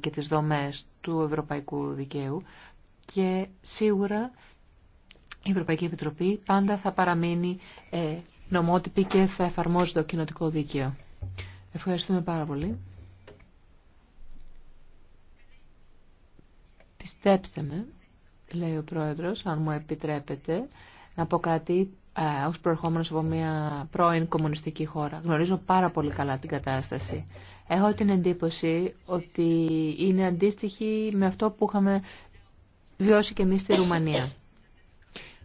και τις δομές του ευρωπαϊκού δικαίου και σίγουρα η Ευρωπαϊκή Επιτροπή πάντα θα παραμείνει ε, νομότυπη και θα εφαρμόζει το κοινοτικό δίκαιο. Ευχαριστούμε πάρα πολύ. Πιστέψτε με, λέει ο Πρόεδρος, αν μου επιτρέπετε, να πω κάτι ε, ως προερχόμενος από μια πρώην κομμουνιστική χώρα. Γνωρίζω πάρα πολύ καλά την κατάσταση. Έχω την εντύπωση ότι είναι αντίστοιχη με αυτό που είχαμε βιώσει και εμείς στη Ρουμανία.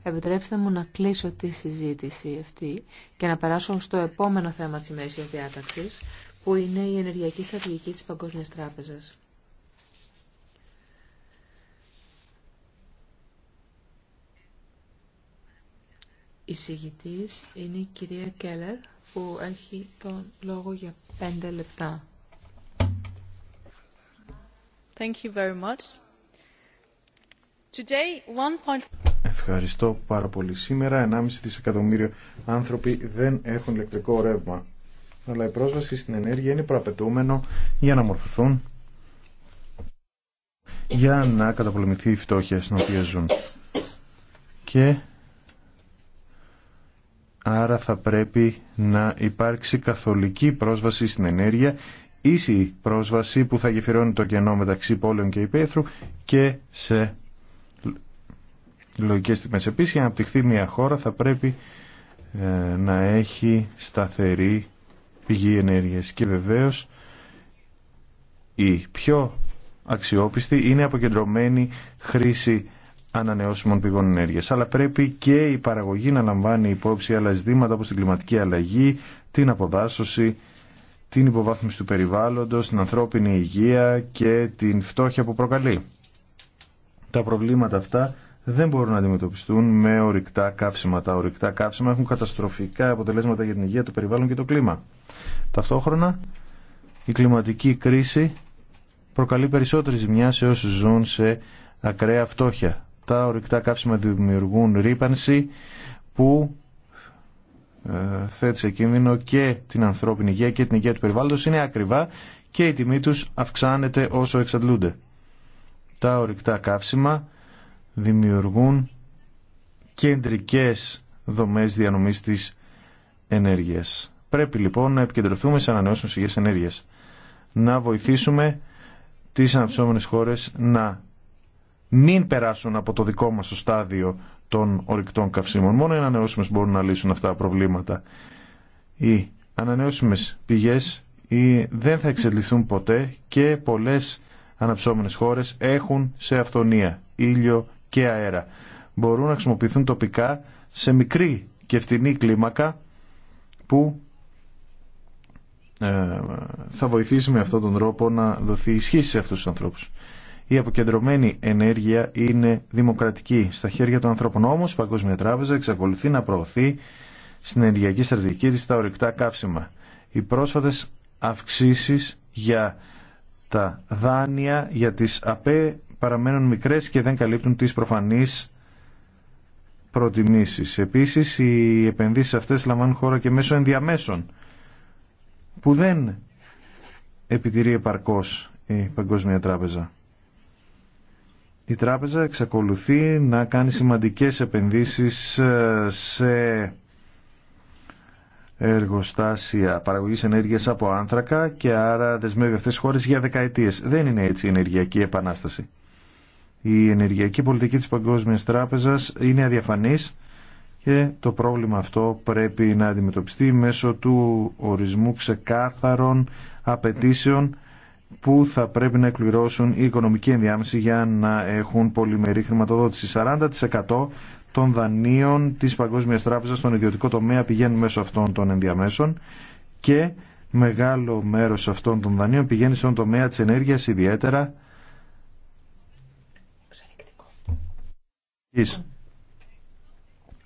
Επιτρέψτε μου να κλείσω τη συζήτηση αυτή και να περάσω στο επόμενο θέμα της ημερησίας διάταξης, που είναι η ενεργειακή στρατηγική της Παγκόσμιας Τράπεζας. Η συγητής είναι η κυρία Κέλλερ που έχει τον λόγο για πέντε λεπτά. Thank you very much. Today, Ευχαριστώ πάρα πολύ. Σήμερα 1,5 δισεκατομμύριο άνθρωποι δεν έχουν ηλεκτρικό ρεύμα. Αλλά η πρόσβαση στην ενέργεια είναι προαπαιτούμενο για να μορφωθούν για να καταπολεμηθεί η φτώχεια στην οποία ζουν. Και άρα θα πρέπει να υπάρξει καθολική πρόσβαση στην ενέργεια, ίση πρόσβαση που θα γεφυρώνει το κενό μεταξύ πόλεων και υπαίθρου και σε λογικές τιμέ. Επίσης, για να αναπτυχθεί μια χώρα θα πρέπει ε, να έχει σταθερή πηγή ενέργειας και βεβαίως η πιο αξιόπιστη είναι αποκεντρωμένη χρήση ανανεώσιμων πηγών ενέργεια. Αλλά πρέπει και η παραγωγή να λαμβάνει υπόψη άλλα ζητήματα όπω την κλιματική αλλαγή, την αποδάσωση, την υποβάθμιση του περιβάλλοντο, την ανθρώπινη υγεία και την φτώχεια που προκαλεί. Τα προβλήματα αυτά δεν μπορούν να αντιμετωπιστούν με ορυκτά καύσιμα. Τα ορυκτά καύσιμα έχουν καταστροφικά αποτελέσματα για την υγεία, το περιβάλλον και το κλίμα. Ταυτόχρονα, η κλιματική κρίση προκαλεί περισσότερη ζημιά σε όσους ζουν σε ακραία φτώχεια τα ορυκτά καύσιμα δημιουργούν ρήπανση που ε, θέτει σε κίνδυνο και την ανθρώπινη υγεία και την υγεία του περιβάλλοντος είναι ακριβά και η τιμή τους αυξάνεται όσο εξαντλούνται. Τα ορυκτά καύσιμα δημιουργούν κεντρικές δομές διανομής της ενέργειας. Πρέπει λοιπόν να επικεντρωθούμε σε ανανεώσιμες πηγές ενέργειας. Να βοηθήσουμε τις αναψώμενες χώρες να μην περάσουν από το δικό μας το στάδιο των ορυκτών καυσίμων. Μόνο οι ανανεώσιμες μπορούν να λύσουν αυτά τα προβλήματα. Οι ανανεώσιμες πηγές δεν θα εξελιχθούν ποτέ και πολλές αναψώμενες χώρες έχουν σε αυθονία ήλιο και αέρα. Μπορούν να χρησιμοποιηθούν τοπικά σε μικρή και φτηνή κλίμακα που ε, θα βοηθήσει με αυτόν τον τρόπο να δοθεί ισχύ σε αυτούς τους ανθρώπους. Η αποκεντρωμένη ενέργεια είναι δημοκρατική στα χέρια των ανθρώπων. Όμω η Παγκόσμια Τράπεζα εξακολουθεί να προωθεί στην ενεργειακή στρατηγική τη τα ορυκτά καύσιμα. Οι πρόσφατε αυξήσει για τα δάνεια για τις ΑΠΕ παραμένουν μικρές και δεν καλύπτουν τις προφανείς προτιμήσεις. Επίσης, οι επενδύσει αυτές λαμβάνουν χώρα και μέσω ενδιαμέσων, που δεν επιτηρεί επαρκώς η Παγκόσμια Τράπεζα. Η τράπεζα εξακολουθεί να κάνει σημαντικές επενδύσεις ε, σε εργοστάσια παραγωγής ενέργειας από άνθρακα και άρα δεσμεύει αυτές τις χώρες για δεκαετίες. Δεν είναι έτσι η ενεργειακή επανάσταση. Η ενεργειακή πολιτική της Παγκόσμιας Τράπεζας είναι αδιαφανής και το πρόβλημα αυτό πρέπει να αντιμετωπιστεί μέσω του ορισμού ξεκάθαρων απαιτήσεων που θα πρέπει να εκπληρώσουν η οικονομική ενδιάμεση για να έχουν πολυμερή χρηματοδότηση. 40% των δανείων της Παγκόσμιας Τράπεζας στον ιδιωτικό τομέα πηγαίνουν μέσω αυτών των ενδιαμέσων και μεγάλο μέρος αυτών των δανείων πηγαίνει στον τομέα της ενέργειας ιδιαίτερα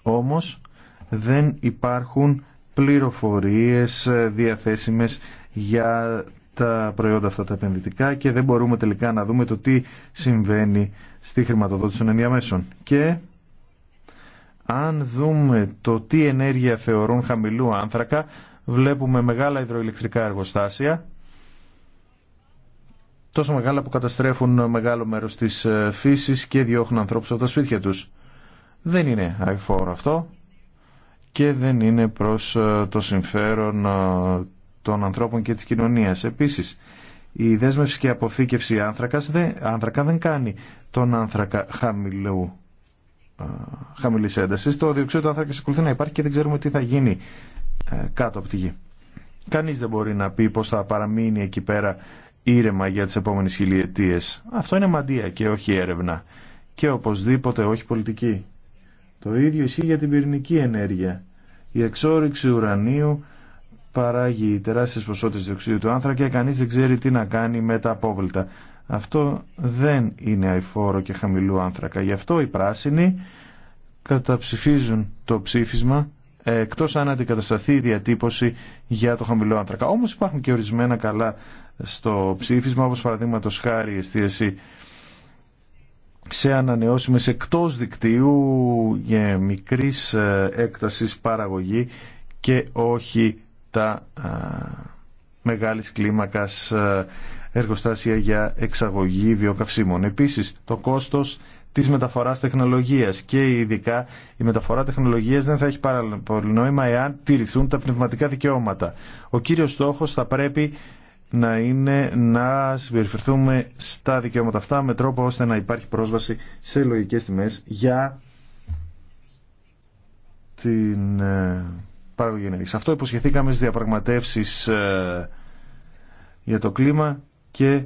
Όμως δεν υπάρχουν πληροφορίες ε, διαθέσιμες για τα προϊόντα αυτά τα επενδυτικά και δεν μπορούμε τελικά να δούμε το τι συμβαίνει στη χρηματοδότηση των ενδιαμέσων. Και αν δούμε το τι ενέργεια θεωρούν χαμηλού άνθρακα, βλέπουμε μεγάλα υδροηλεκτρικά εργοστάσια, τόσο μεγάλα που καταστρέφουν μεγάλο μέρος της ε, φύσης και διώχνουν ανθρώπους από τα σπίτια τους. Δεν είναι αηφόρο αυτό και δεν είναι προς ε, το συμφέρον ε, των ανθρώπων και της κοινωνίας. Επίσης, η δέσμευση και αποθήκευση άνθρακας δεν, άνθρακα δεν κάνει τον άνθρακα χαμηλού χαμηλή ένταση. Το διοξείδιο του άνθρακα ακολουθεί να υπάρχει και δεν ξέρουμε τι θα γίνει ε, κάτω από τη γη. Κανείς δεν μπορεί να πει πως θα παραμείνει εκεί πέρα ήρεμα για τις επόμενες χιλιετίες. Αυτό είναι μαντία και όχι έρευνα. Και οπωσδήποτε όχι πολιτική. Το ίδιο ισχύει για την πυρηνική ενέργεια. Η εξόριξη ουρανίου παράγει τεράστιε ποσότητες διοξείδιου του άνθρακα και κανεί δεν ξέρει τι να κάνει με τα απόβλητα. Αυτό δεν είναι αϊφόρο και χαμηλού άνθρακα. Γι' αυτό οι πράσινοι καταψηφίζουν το ψήφισμα ε, εκτός αν αντικατασταθεί η διατύπωση για το χαμηλό άνθρακα. Όμως υπάρχουν και ορισμένα καλά στο ψήφισμα, όπω παραδείγματο χάρη η εστίαση σε ανανεώσιμες εκτός δικτύου για μικρής ε, έκτασης παραγωγή και όχι τα μεγάλης κλίμακας εργοστάσια για εξαγωγή βιοκαυσίμων. Επίσης, το κόστος της μεταφοράς τεχνολογίας και ειδικά η μεταφορά τεχνολογίας δεν θα έχει πάρα πολύ νόημα εάν τηρηθούν τα πνευματικά δικαιώματα. Ο κύριος στόχος θα πρέπει να είναι να συμπεριφερθούμε στα δικαιώματα αυτά με τρόπο ώστε να υπάρχει πρόσβαση σε λογικές τιμές για την ε, αυτό υποσχεθήκαμε στις διαπραγματεύσεις ε, για το κλίμα και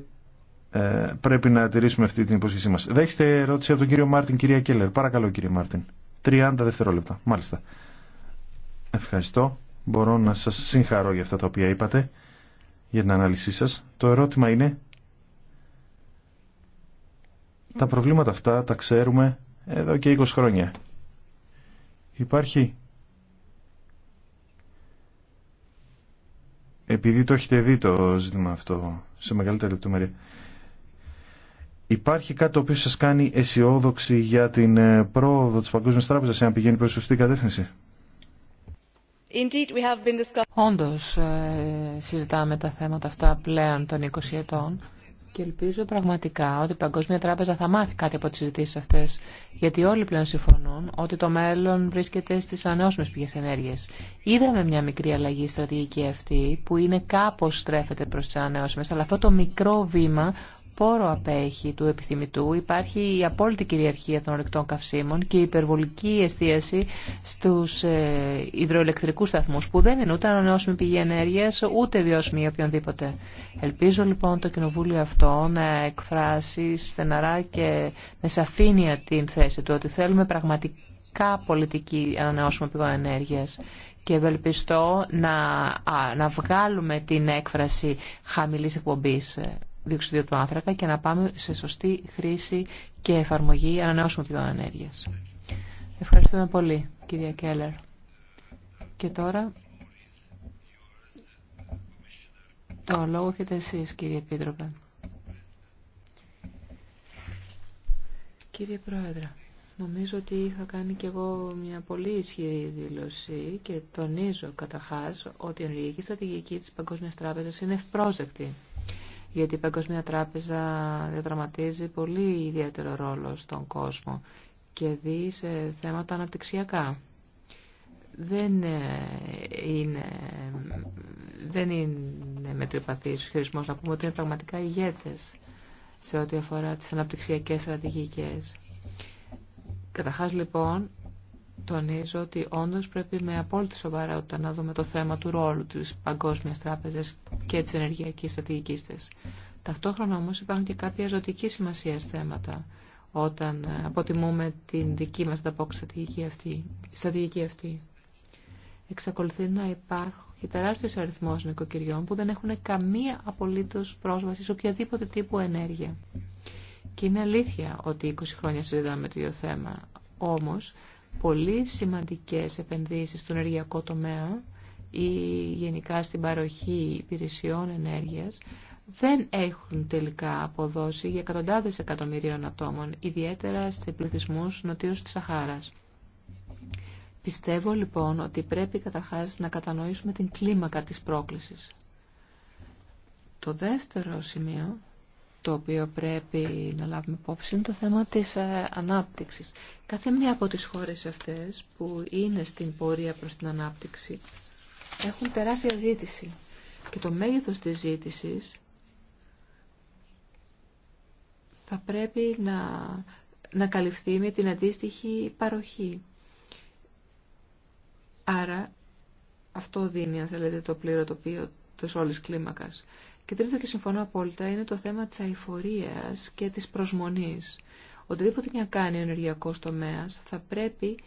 ε, πρέπει να τηρήσουμε αυτή την υπόσχεσή μας. Δέχεστε ερώτηση από τον κύριο Μάρτιν, κυρία Κέλλερ. Παρακαλώ κύριε Μάρτιν. 30 δευτερόλεπτα. Μάλιστα. Ευχαριστώ. Μπορώ να σας συγχαρώ για αυτά τα οποία είπατε, για την ανάλυση σας. Το ερώτημα είναι, τα προβλήματα αυτά τα ξέρουμε εδώ και 20 χρόνια. Υπάρχει επειδή το έχετε δει το ζήτημα αυτό σε μεγαλύτερη λεπτομέρεια, υπάρχει κάτι το οποίο σας κάνει αισιόδοξη για την ε, πρόοδο της Παγκόσμιας Τράπεζας, εάν πηγαίνει προς σωστή κατεύθυνση. Όντω ε, συζητάμε τα θέματα αυτά πλέον των 20 ετών και ελπίζω πραγματικά ότι η Παγκόσμια Τράπεζα θα μάθει κάτι από τις συζητήσει αυτές, γιατί όλοι πλέον συμφωνούν ότι το μέλλον βρίσκεται στις ανανεώσιμες πηγές ενέργειας. Είδαμε μια μικρή αλλαγή στρατηγική αυτή που είναι κάπως στρέφεται προς τι ανανεώσιμες, αλλά αυτό το μικρό βήμα πόρο απέχει του επιθυμητού, υπάρχει η απόλυτη κυριαρχία των ορεικτών καυσίμων και η υπερβολική εστίαση στους ε, υδροελεκτρικού σταθμούς που δεν είναι ούτε ανανεώσιμη πηγή ενέργειας ούτε βιώσιμη οποιονδήποτε. Ελπίζω λοιπόν το κοινοβούλιο αυτό να εκφράσει στεναρά και με σαφήνεια την θέση του ότι θέλουμε πραγματικά πολιτική ανανεώσιμη πηγή ενέργειας και ευελπιστώ να, να βγάλουμε την έκφραση χαμηλής εκπομπής διοξιδίου του άνθρακα και να πάμε σε σωστή χρήση και εφαρμογή ανανεώσιμων πηγών ενέργεια. Ευχαριστούμε πολύ, κυρία Κέλλερ. Και τώρα το λόγο έχετε εσείς, κύριε Επίτροπε. Κύριε Πρόεδρε, νομίζω ότι είχα κάνει κι εγώ μια πολύ ισχυρή δήλωση και τονίζω καταρχά ότι η ενεργειακή στρατηγική της Παγκόσμια Τράπεζα είναι ευπρόσδεκτη γιατί η Παγκοσμία Τράπεζα διαδραματίζει πολύ ιδιαίτερο ρόλο στον κόσμο και δει σε θέματα αναπτυξιακά. Δεν ε, είναι, δεν είναι ο χειρισμός να πούμε ότι είναι πραγματικά ηγέτες σε ό,τι αφορά τις αναπτυξιακές στρατηγικές. Καταρχάς λοιπόν τονίζω ότι όντω πρέπει με απόλυτη σοβαρότητα να δούμε το θέμα του ρόλου τη παγκόσμια τράπεζα και τη ενεργειακή στρατηγικής τη. Ταυτόχρονα όμω, υπάρχουν και κάποια ζωτική σημασία θέματα όταν ε, αποτιμούμε την δική μα ανταπόκριση στρατηγική αυτή. Στρατηγική αυτή. Εξακολουθεί να υπάρχει τεράστιο αριθμό νοικοκυριών που δεν έχουν καμία απολύτως πρόσβαση σε οποιαδήποτε τύπου ενέργεια. Και είναι αλήθεια ότι 20 χρόνια συζητάμε το ίδιο θέμα. Όμω, πολύ σημαντικές επενδύσεις στον ενεργειακό τομέα ή γενικά στην παροχή υπηρεσιών ενέργειας δεν έχουν τελικά αποδώσει για εκατοντάδες εκατομμυρίων ατόμων, ιδιαίτερα σε πληθυσμούς νοτίως της Σαχάρας. Πιστεύω λοιπόν ότι πρέπει καταρχάς να κατανοήσουμε την κλίμακα της πρόκλησης. Το δεύτερο σημείο το οποίο πρέπει να λάβουμε υπόψη είναι το θέμα της ε, ανάπτυξης. Κάθε μία από τις χώρες αυτές που είναι στην πορεία προς την ανάπτυξη έχουν τεράστια ζήτηση και το μέγεθος της ζήτησης θα πρέπει να, να καλυφθεί με την αντίστοιχη παροχή. Άρα αυτό δίνει, αν θέλετε, το πλήρω της όλης κλίμακας. Και τρίτο και συμφωνώ απόλυτα είναι το θέμα της αηφορίας και της προσμονής. Οτιδήποτε και να κάνει ο ενεργειακό τομέα, θα πρέπει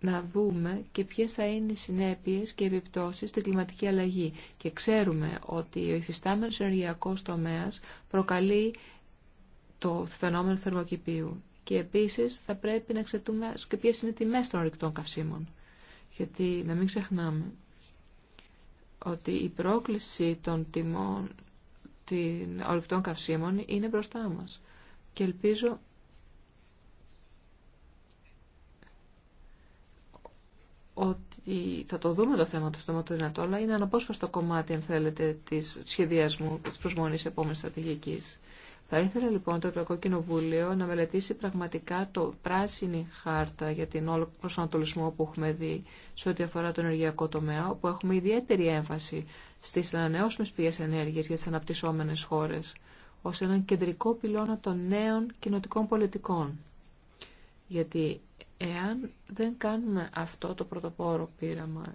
να δούμε και ποιε θα είναι οι συνέπειε και οι επιπτώσει στην κλιματική αλλαγή. Και ξέρουμε ότι ο υφιστάμενος ενεργειακό τομέα προκαλεί το φαινόμενο θερμοκηπίου. Και επίση θα πρέπει να εξετούμε και ποιε είναι οι τιμέ των ρηκτών καυσίμων. Γιατί να μην ξεχνάμε ότι η πρόκληση των τιμών την ορυκτών καυσίμων είναι μπροστά μας. Και ελπίζω ότι θα το δούμε το θέμα του στο του δυνατό, αλλά είναι αναπόσπαστο κομμάτι, αν θέλετε, της σχεδιασμού, της προσμονής επόμενης στρατηγικής. Θα ήθελα λοιπόν το Ευρωπαϊκό Κοινοβούλιο να μελετήσει πραγματικά το πράσινη χάρτα για την όλο προσανατολισμό που έχουμε δει σε ό,τι αφορά το ενεργειακό τομέα, όπου έχουμε ιδιαίτερη έμφαση στις ανανεώσιμες πηγές ενέργειας για τις αναπτυσσόμενες χώρες ως έναν κεντρικό πυλώνα των νέων κοινοτικών πολιτικών. Γιατί εάν δεν κάνουμε αυτό το πρωτοπόρο πείραμα,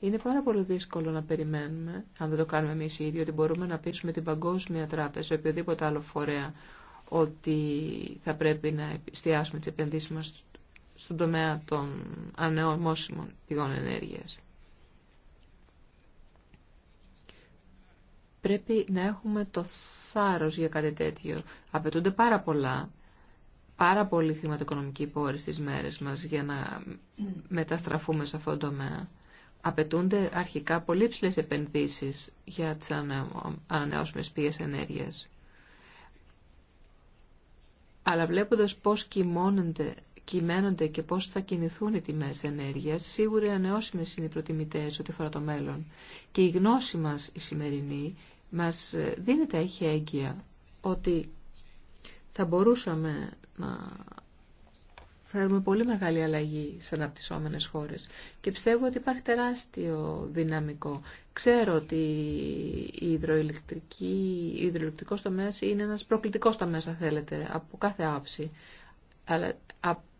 είναι πάρα πολύ δύσκολο να περιμένουμε, αν δεν το κάνουμε εμείς οι ίδιοι, ότι μπορούμε να πείσουμε την Παγκόσμια Τράπεζα, οποιοδήποτε άλλο φορέα, ότι θα πρέπει να εστιάσουμε τις επενδύσεις μας στον τομέα των ανανεώσιμων πηγών ενέργειας. Πρέπει να έχουμε το θάρρος για κάτι τέτοιο. Απαιτούνται πάρα πολλά, πάρα πολλοί χρηματοοικονομικοί πόρη στις μέρες μας για να μεταστραφούμε σε αυτό το τομέα. Απαιτούνται αρχικά πολύ ψηλέ επενδύσεις για τις ανανεώσιμες πηγές ενέργειας. Αλλά βλέποντας πώς κοιμώνονται κυμαίνονται και πώς θα κινηθούν οι τιμές ενέργειας, σίγουρα οι ανανεώσιμες είναι οι προτιμητές ό,τι αφορά το μέλλον. Και η γνώση μας η σημερινή μας δίνεται έγκυα ότι θα μπορούσαμε να φέρουμε πολύ μεγάλη αλλαγή σε αναπτυσσόμενες χώρες και πιστεύω ότι υπάρχει τεράστιο δυναμικό. Ξέρω ότι η υδροηλεκτρική, η υδροηλεκτρικός τομέας είναι ένας προκλητικός τομέας, αν θέλετε, από κάθε άψη. Αλλά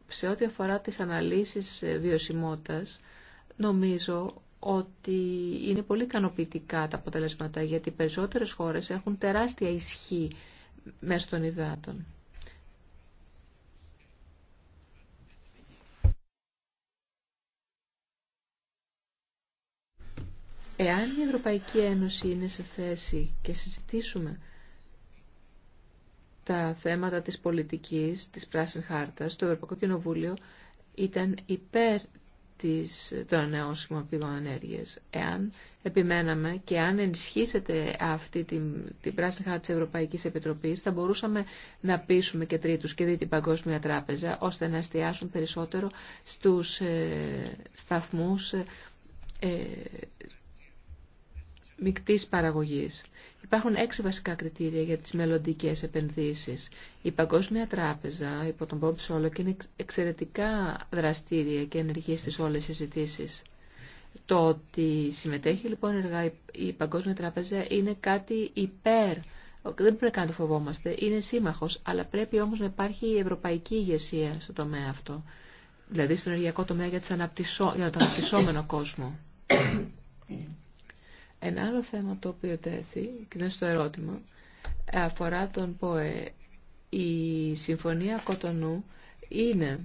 σε ό,τι αφορά τις αναλύσεις βιωσιμότητας, νομίζω ότι είναι πολύ ικανοποιητικά τα αποτελέσματα γιατί οι περισσότερες χώρες έχουν τεράστια ισχύ μέσα των υδάτων. Εάν η Ευρωπαϊκή Ένωση είναι σε θέση και συζητήσουμε τα θέματα της πολιτικής, της πράσινης χάρτας, το Ευρωπαϊκό Κοινοβούλιο ήταν υπέρ της, των ανανεώσιμων πηγών ενέργειας. Εάν επιμέναμε και αν ενισχύσετε αυτή την, την πράσινη χάρτη της Ευρωπαϊκής Επιτροπής, θα μπορούσαμε να πείσουμε και τρίτους και δει την Παγκόσμια Τράπεζα, ώστε να εστιάσουν περισσότερο στους ε, σταθμούς ε, ε μικτής παραγωγής. Υπάρχουν έξι βασικά κριτήρια για τις μελλοντικέ επενδύσεις. Η Παγκόσμια Τράπεζα υπό τον Bob Σόλοκ είναι εξαιρετικά δραστήρια και ενεργή στις όλες τις συζητήσεις. Το ότι συμμετέχει λοιπόν εργά η Παγκόσμια Τράπεζα είναι κάτι υπέρ δεν πρέπει να το φοβόμαστε, είναι σύμμαχος, αλλά πρέπει όμως να υπάρχει η ευρωπαϊκή ηγεσία στο τομέα αυτό. Δηλαδή στον ενεργειακό τομέα για, τις αναπτυσσό... για τον αναπτυσσόμενο κόσμο. Ένα άλλο θέμα το οποίο τέθη, και είναι στο ερώτημα, αφορά τον ΠΟΕ. Η Συμφωνία Κοτονού είναι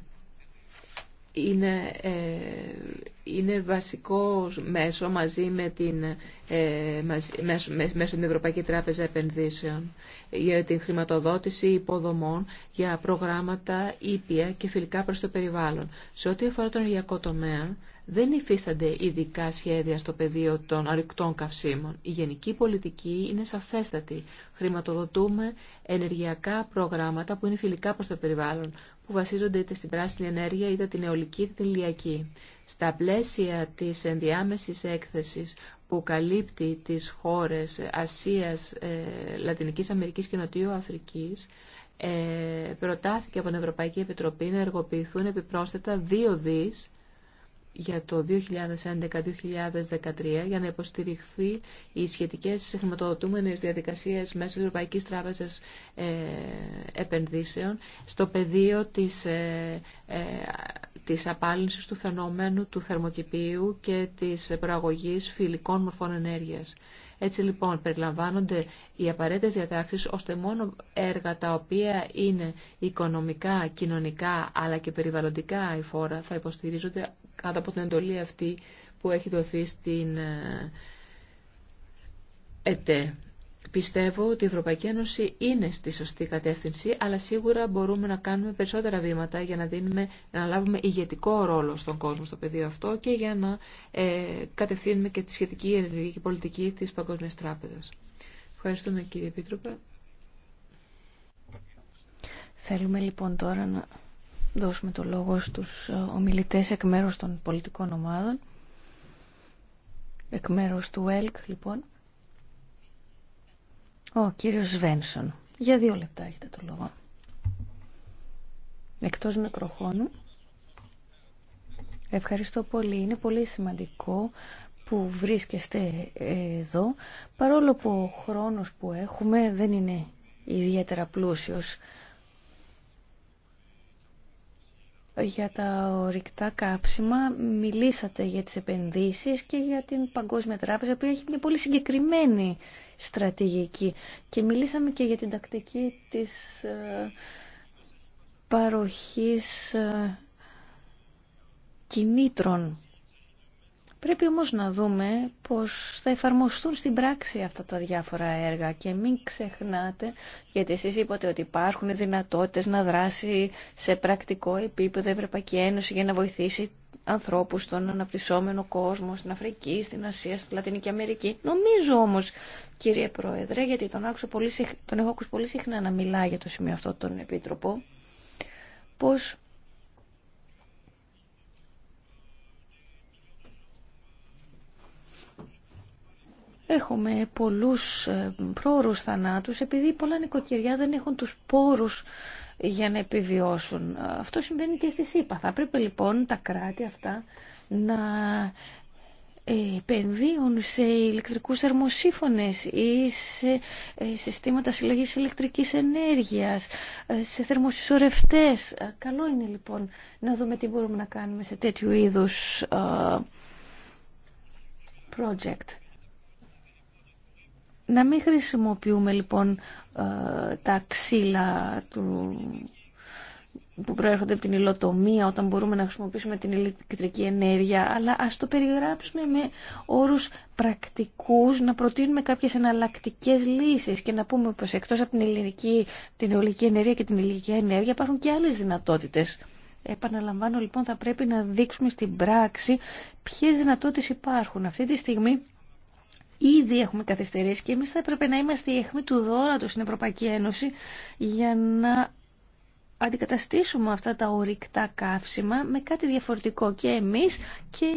είναι, ε, είναι βασικό μέσο μαζί με την, ε, την Ευρωπαϊκή Τράπεζα Επενδύσεων για την χρηματοδότηση υποδομών για προγράμματα ήπια και φιλικά προς το περιβάλλον. Σε ό,τι αφορά τον ενεργειακό τομέα, δεν υφίστανται ειδικά σχέδια στο πεδίο των αρρυκτών καυσίμων. Η γενική πολιτική είναι σαφέστατη. Χρηματοδοτούμε ενεργειακά προγράμματα που είναι φιλικά προς το περιβάλλον, που βασίζονται είτε στην πράσινη ενέργεια, είτε την αιωλική, είτε την ηλιακή. Στα πλαίσια της ενδιάμεσης έκθεσης που καλύπτει τις χώρες Ασίας, ε, Λατινικής Αμερικής και Νοτιού Αφρικής, ε, προτάθηκε από την Ευρωπαϊκή Επιτροπή να εργοποιηθούν επιπρόσθετα δύο δις για το 2011-2013 για να υποστηριχθεί οι σχετικές χρηματοδοτούμενες διαδικασίες μέσω Ευρωπαϊκής Τράπεζας ε, Επενδύσεων στο πεδίο της, ε, ε απάλυνσης του φαινόμενου του θερμοκηπίου και της προαγωγής φιλικών μορφών ενέργειας. Έτσι λοιπόν περιλαμβάνονται οι απαραίτητες διατάξεις ώστε μόνο έργα τα οποία είναι οικονομικά, κοινωνικά αλλά και περιβαλλοντικά η φόρα θα υποστηρίζονται κάτω από την εντολή αυτή που έχει δοθεί στην ε, ΕΤΕ. Πιστεύω ότι η Ευρωπαϊκή Ένωση είναι στη σωστή κατεύθυνση, αλλά σίγουρα μπορούμε να κάνουμε περισσότερα βήματα για να, δίνουμε, να λάβουμε ηγετικό ρόλο στον κόσμο στο πεδίο αυτό και για να ε, κατευθύνουμε και τη σχετική ενεργειακή πολιτική της Παγκόσμιας Τράπεζας. Ευχαριστούμε κύριε Επίτροπε. Θέλουμε λοιπόν τώρα να δώσουμε το λόγο στους ε, ομιλητές εκ μέρους των πολιτικών ομάδων. Εκ μέρους του ΕΛΚ, λοιπόν. Ο κύριος Σβένσον. Για δύο λεπτά έχετε το λόγο. Εκτός μικροχώνου. Ευχαριστώ πολύ. Είναι πολύ σημαντικό που βρίσκεστε ε, εδώ, παρόλο που ο χρόνος που έχουμε δεν είναι ιδιαίτερα πλούσιος. για τα ορυκτά κάψιμα, μιλήσατε για τις επενδύσεις και για την Παγκόσμια Τράπεζα που έχει μια πολύ συγκεκριμένη στρατηγική και μιλήσαμε και για την τακτική της ε, παροχής ε, κινήτρων Πρέπει όμως να δούμε πως θα εφαρμοστούν στην πράξη αυτά τα διάφορα έργα και μην ξεχνάτε, γιατί εσείς είπατε ότι υπάρχουν δυνατότητες να δράσει σε πρακτικό επίπεδο η Ευρωπαϊκή Ένωση για να βοηθήσει ανθρώπους στον αναπτυσσόμενο κόσμο, στην Αφρική, στην Ασία, στη Λατινική Αμερική. Νομίζω όμως, κύριε Πρόεδρε, γιατί τον, τον έχω ακούσει πολύ συχνά να μιλά για το σημείο αυτό τον Επίτροπο, πως Έχουμε πολλούς ε, πρόωρους θανάτους επειδή πολλά νοικοκυριά δεν έχουν τους πόρους για να επιβιώσουν. Αυτό συμβαίνει και στη ΣΥΠΑ. Θα πρέπει λοιπόν τα κράτη αυτά να ε, επενδύουν σε ηλεκτρικούς θερμοσύφωνες ή σε ε, συστήματα συλλογής ηλεκτρικής ενέργειας, σε θερμοσυσσωρευτές. Καλό είναι λοιπόν να δούμε τι μπορούμε να κάνουμε σε τέτοιου είδους project. Να μην χρησιμοποιούμε λοιπόν ε, τα ξύλα του που προέρχονται από την υλοτομία, όταν μπορούμε να χρησιμοποιήσουμε την ηλεκτρική ενέργεια, αλλά ας το περιγράψουμε με όρους πρακτικούς, να προτείνουμε κάποιες εναλλακτικέ λύσεις και να πούμε πως εκτός από την ελληνική, την ολική ενέργεια και την ηλική ενέργεια υπάρχουν και άλλες δυνατότητες. Επαναλαμβάνω λοιπόν θα πρέπει να δείξουμε στην πράξη ποιες δυνατότητες υπάρχουν. Αυτή τη στιγμή Ήδη έχουμε καθυστερήσει και εμείς θα έπρεπε να είμαστε η αιχμή του δώρατο στην Ευρωπαϊκή Ένωση για να αντικαταστήσουμε αυτά τα ορυκτά καύσιμα με κάτι διαφορετικό και εμείς και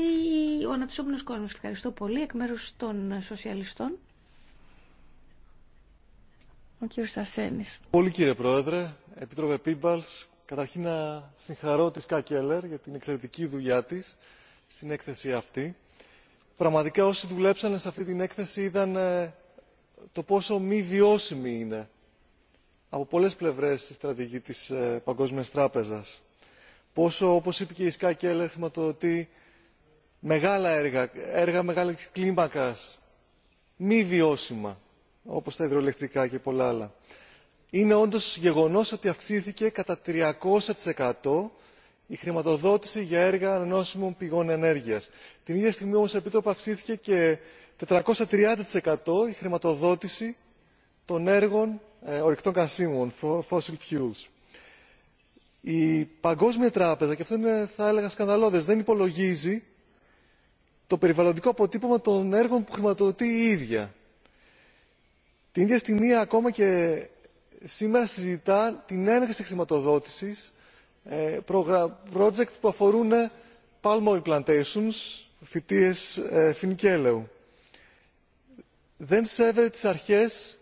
ο αναπτυσσόμενος κόσμος. Ευχαριστώ πολύ εκ μέρους των σοσιαλιστών. Ο κύριος Πολύ κύριε Πρόεδρε, Επίτροπε Πίμπαλς, καταρχήν να συγχαρώ τη Σκά Κέλλερ για την εξαιρετική δουλειά της στην έκθεση αυτή πραγματικά όσοι δουλέψανε σε αυτή την έκθεση είδαν ε, το πόσο μη βιώσιμη είναι από πολλές πλευρές η στρατηγική της ε, Παγκόσμιας Τράπεζας. Πόσο, όπως είπε και η Σκά το ότι μεγάλα έργα, έργα μεγάλης κλίμακας, μη βιώσιμα, όπως τα υδροελεκτρικά και πολλά άλλα. Είναι όντως γεγονός ότι αυξήθηκε κατά 300% η χρηματοδότηση για έργα ανανεώσιμων πηγών ενέργεια. την ίδια στιγμή όμω Επίτροπη αυξήθηκε και 430% η χρηματοδότηση των έργων ε, ορυκτών καυσίμων fossil fuels. η παγκόσμια τράπεζα και αυτό είναι θα έλεγα σκανδαλώδε, δεν υπολογίζει το περιβαλλοντικό αποτύπωμα των έργων που χρηματοδοτεί η ίδια. την ίδια στιγμή ακόμα και σήμερα συζητά την της χρηματοδότηση. Ε, project που αφορούν ε, palm oil plantations φυτείες ε, φινικέλαιου. δεν σέβεται τις αρχές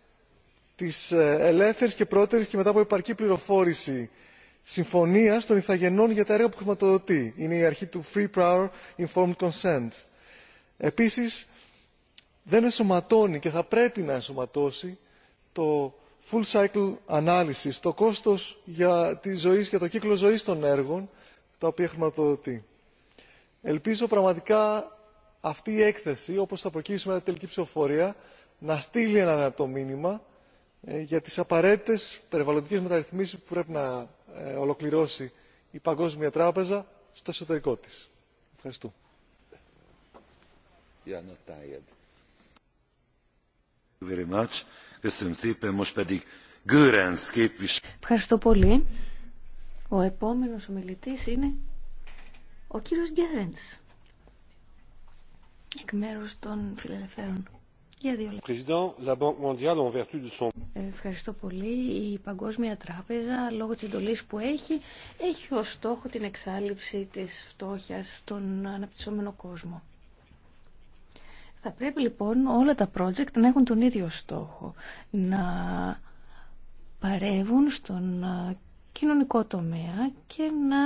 της ελεύθερης και πρώτερης και μετά από επαρκή πληροφόρηση συμφωνίας των Ιθαγενών για τα έργα που χρηματοδοτεί. είναι η αρχή του free prior informed consent. επίσης δεν ενσωματώνει και θα πρέπει να ενσωματώσει το full cycle ανάλυση το κόστος για τη ζωή, για το κύκλο ζωής των έργων τα οποία χρηματοδοτεί. Ελπίζω πραγματικά αυτή η έκθεση, όπως θα προκύψει μετά τελική ψηφοφορία, να στείλει ένα δυνατό μήνυμα ε, για τις απαραίτητες περιβαλλοντικές μεταρρυθμίσεις που πρέπει να ε, ολοκληρώσει η Παγκόσμια Τράπεζα στο εσωτερικό της. Ευχαριστώ. Ευχαριστώ πολύ. Ο επόμενος ομιλητής είναι ο κύριος Γκέρεντς, εκ μέρους των φιλελευθέρων. Για δύο λεπτά. Ευχαριστώ πολύ. Η Παγκόσμια Τράπεζα, λόγω της εντολής που έχει, έχει ως στόχο την εξάλληψη της φτώχειας στον αναπτυσσόμενο κόσμο. Θα πρέπει λοιπόν όλα τα project να έχουν τον ίδιο στόχο. Να παρεύουν στον κοινωνικό τομέα και να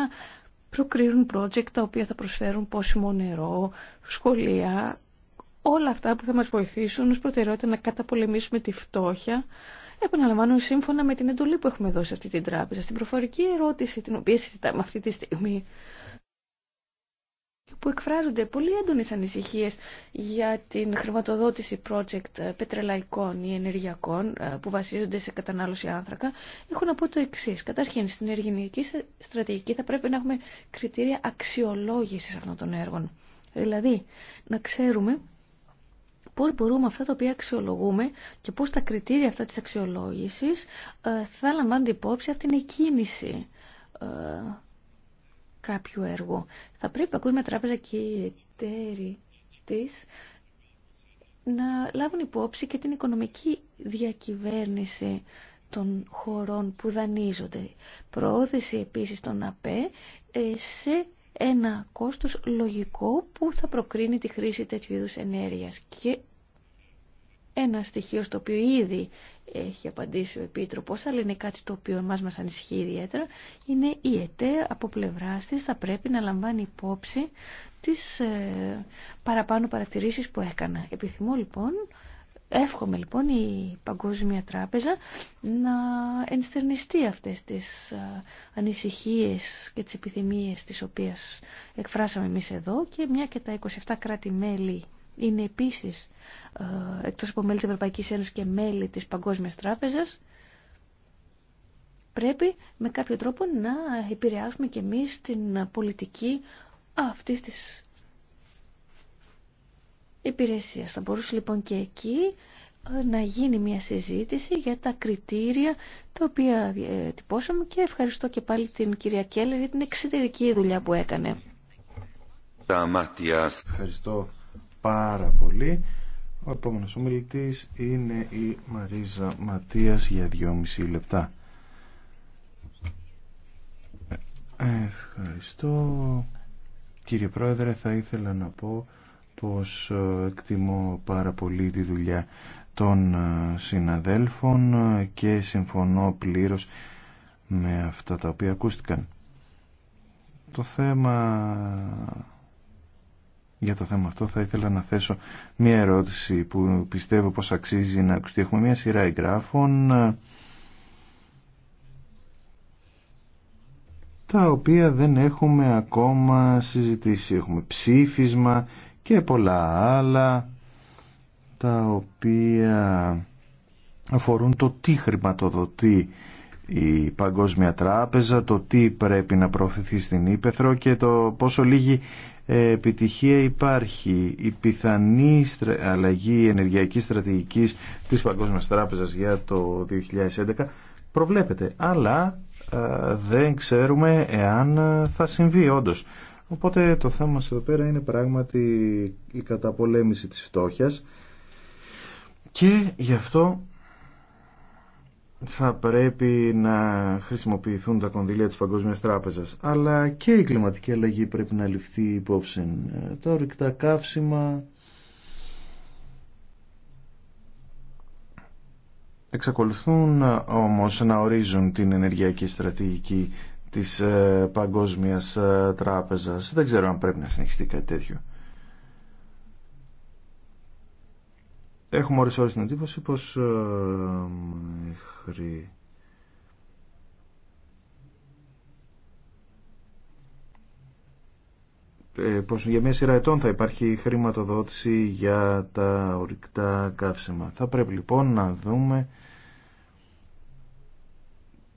προκρίνουν project τα οποία θα προσφέρουν πόσιμο νερό, σχολεία, όλα αυτά που θα μας βοηθήσουν ως προτεραιότητα να καταπολεμήσουμε τη φτώχεια, επαναλαμβάνω σύμφωνα με την εντολή που έχουμε δώσει αυτή την τράπεζα. Στην προφορική ερώτηση την οποία συζητάμε αυτή τη στιγμή, που εκφράζονται πολύ έντονες ανησυχίες για την χρηματοδότηση project ε, πετρελαϊκών ή ενεργειακών ε, που βασίζονται σε κατανάλωση άνθρακα, έχω να πω το εξή. Καταρχήν, στην ενεργειακή στρατηγική θα πρέπει να έχουμε κριτήρια αξιολόγησης αυτών των έργων. Δηλαδή, να ξέρουμε πώς μπορούμε αυτά τα οποία αξιολογούμε και πώς τα κριτήρια αυτά της αξιολόγησης ε, θα λαμβάνονται υπόψη αυτήν την εκκίνηση κάποιο έργο. Θα πρέπει η με Τράπεζα και οι εταίροι της να λάβουν υπόψη και την οικονομική διακυβέρνηση των χωρών που δανείζονται. Προώθηση επίσης των ΑΠΕ ε, σε ένα κόστος λογικό που θα προκρίνει τη χρήση τέτοιου είδους ενέργειας. Και ένα στοιχείο στο οποίο ήδη έχει απαντήσει ο Επίτροπος, αλλά είναι κάτι το οποίο εμάς μας ανησυχεί ιδιαίτερα, είναι η ΕΤΕ από πλευρά της θα πρέπει να λαμβάνει υπόψη τις ε, παραπάνω παρατηρήσεις που έκανα. Επιθυμώ λοιπόν, εύχομαι λοιπόν η Παγκόσμια Τράπεζα να ενστερνιστεί αυτές τις ε, ανησυχίες και τις επιθυμίες τις οποίες εκφράσαμε εμείς εδώ και μια και τα 27 κράτη-μέλη είναι επίσης ε, εκτός από μέλη της Ευρωπαϊκής Ένωσης και μέλη της Παγκόσμιας Τράπεζας πρέπει με κάποιο τρόπο να επηρεάσουμε και εμείς την πολιτική αυτής της υπηρεσίας. Θα μπορούσε λοιπόν και εκεί ε, να γίνει μια συζήτηση για τα κριτήρια τα οποία τυπώσαμε και ευχαριστώ και πάλι την κυρία Κέλλερ για την εξωτερική δουλειά που έκανε. Ευχαριστώ πάρα πολύ. Ο επόμενος ομιλητής είναι η Μαρίζα Ματίας για 2,5 λεπτά. Ευχαριστώ. Κύριε Πρόεδρε, θα ήθελα να πω πως ε, εκτιμώ πάρα πολύ τη δουλειά των ε, συναδέλφων ε, και συμφωνώ πλήρως με αυτά τα οποία ακούστηκαν. Το θέμα για το θέμα αυτό θα ήθελα να θέσω μια ερώτηση που πιστεύω πως αξίζει να ακουστεί. Έχουμε μια σειρά εγγράφων ε, τα οποία δεν έχουμε ακόμα συζητήσει. Έχουμε ψήφισμα και πολλά άλλα τα οποία αφορούν το τι χρηματοδοτεί η Παγκόσμια Τράπεζα, το τι πρέπει να προωθηθεί στην Ήπεθρο και το πόσο λίγοι ε, επιτυχία υπάρχει. Η πιθανή αλλαγή ενεργειακής στρατηγικής της Παγκόσμιας Τράπεζας για το 2011 προβλέπεται, αλλά ε, δεν ξέρουμε εάν θα συμβεί όντω. Οπότε το θέμα μας εδώ πέρα είναι πράγματι η καταπολέμηση της φτώχειας και γι' αυτό θα πρέπει να χρησιμοποιηθούν τα κονδύλια της Παγκόσμιας Τράπεζας. Αλλά και η κλιματική αλλαγή πρέπει να ληφθεί υπόψη. Ε, τα ορυκτά καύσιμα εξακολουθούν ε, όμως να ορίζουν την ενεργειακή στρατηγική της ε, Παγκόσμιας Τράπεζας. Δεν ξέρω αν πρέπει να συνεχιστεί κάτι τέτοιο. έχουμε ώρες ώρες την εντύπωση πως ε, μέχρι ε, πως για μια σειρά ετών θα υπάρχει χρηματοδότηση για τα ορυκτά καύσιμα. Θα πρέπει λοιπόν να δούμε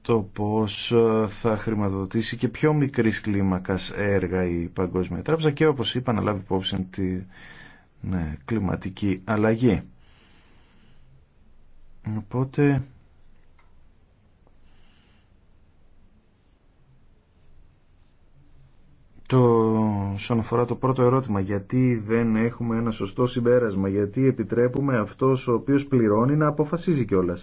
το πώς ε, θα χρηματοδοτήσει και πιο μικρής κλίμακας έργα η Παγκόσμια Τράπεζα και όπως είπα να λάβει υπόψη τη ναι, κλιματική αλλαγή. Οπότε το όσον αφορά το πρώτο ερώτημα γιατί δεν έχουμε ένα σωστό συμπέρασμα γιατί επιτρέπουμε αυτός ο οποίος πληρώνει να αποφασίζει κιόλα.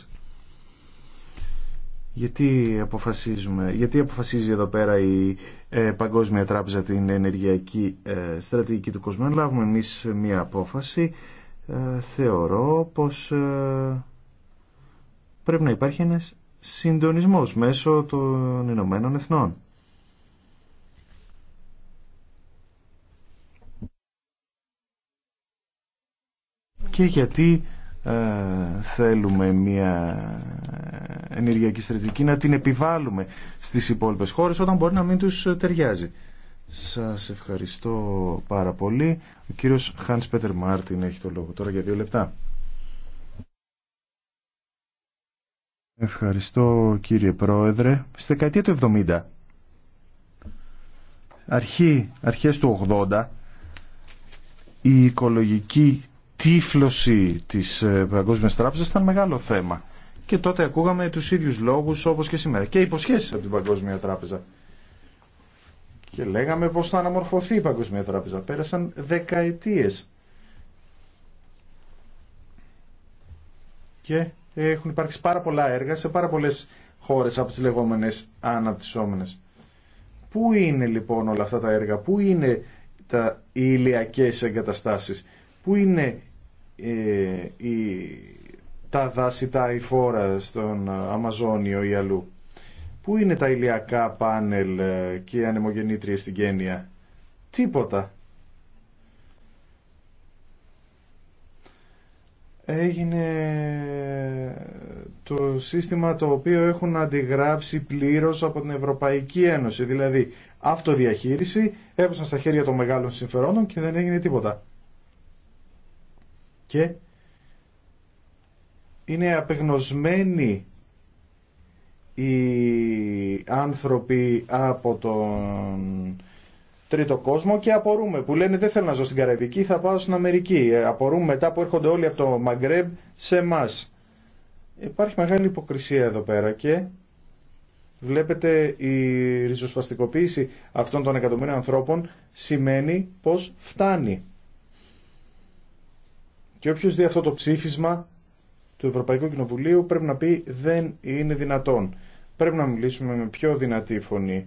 γιατί αποφασίζουμε, γιατί αποφασίζει εδώ πέρα η ε, Παγκόσμια Τράπεζα την ενεργειακή ε, στρατηγική του κόσμου. Αν λάβουμε εμείς μία απόφαση, ε, θεωρώ πως πρέπει να υπάρχει ένας συντονισμός μέσω των Ηνωμένων Εθνών. Και γιατί ε, θέλουμε μια ενεργειακή στρατηγική να την επιβάλλουμε στις υπόλοιπες χώρες όταν μπορεί να μην τους ταιριάζει. Σας ευχαριστώ πάρα πολύ. Ο κύριος Χάνς Πέτερ Μάρτιν έχει το λόγο τώρα για δύο λεπτά. Ευχαριστώ κύριε Πρόεδρε. Στη δεκαετία του 70, αρχή, αρχές του 80, η οικολογική τύφλωση της ε, Παγκόσμιας Τράπεζας ήταν μεγάλο θέμα. Και τότε ακούγαμε τους ίδιους λόγους όπως και σήμερα. Και υποσχέσεις από την Παγκόσμια Τράπεζα. Και λέγαμε πώς θα αναμορφωθεί η Παγκόσμια Τράπεζα. Πέρασαν δεκαετίες. Και έχουν υπάρξει πάρα πολλά έργα σε πάρα πολλέ χώρες από τις λεγόμενες αναπτυσσόμενες. Πού είναι λοιπόν όλα αυτά τα έργα, πού είναι τα, οι εγκαταστασει εγκαταστάσεις, πού είναι ε, η, τα δάση, τα υφόρα στον Αμαζόνιο ή αλλού, πού είναι τα ηλιακά πάνελ ε, και οι ανεμογεννήτριες στην Κένια. Τίποτα. έγινε το σύστημα το οποίο έχουν αντιγράψει πλήρως από την Ευρωπαϊκή Ένωση. Δηλαδή αυτοδιαχείριση έπεσαν στα χέρια των μεγάλων συμφερόντων και δεν έγινε τίποτα. Και είναι απεγνωσμένοι οι άνθρωποι από τον τρίτο κόσμο και απορούμε που λένε δεν θέλω να ζω στην Καραϊβική, θα πάω στην Αμερική. Ε, απορούμε μετά που έρχονται όλοι από το Μαγκρέμπ σε εμά. Υπάρχει μεγάλη υποκρισία εδώ πέρα και βλέπετε η ριζοσπαστικοποίηση αυτών των εκατομμύριων ανθρώπων σημαίνει πως φτάνει. Και όποιος δει αυτό το ψήφισμα του Ευρωπαϊκού Κοινοβουλίου πρέπει να πει δεν είναι δυνατόν. Πρέπει να μιλήσουμε με πιο δυνατή φωνή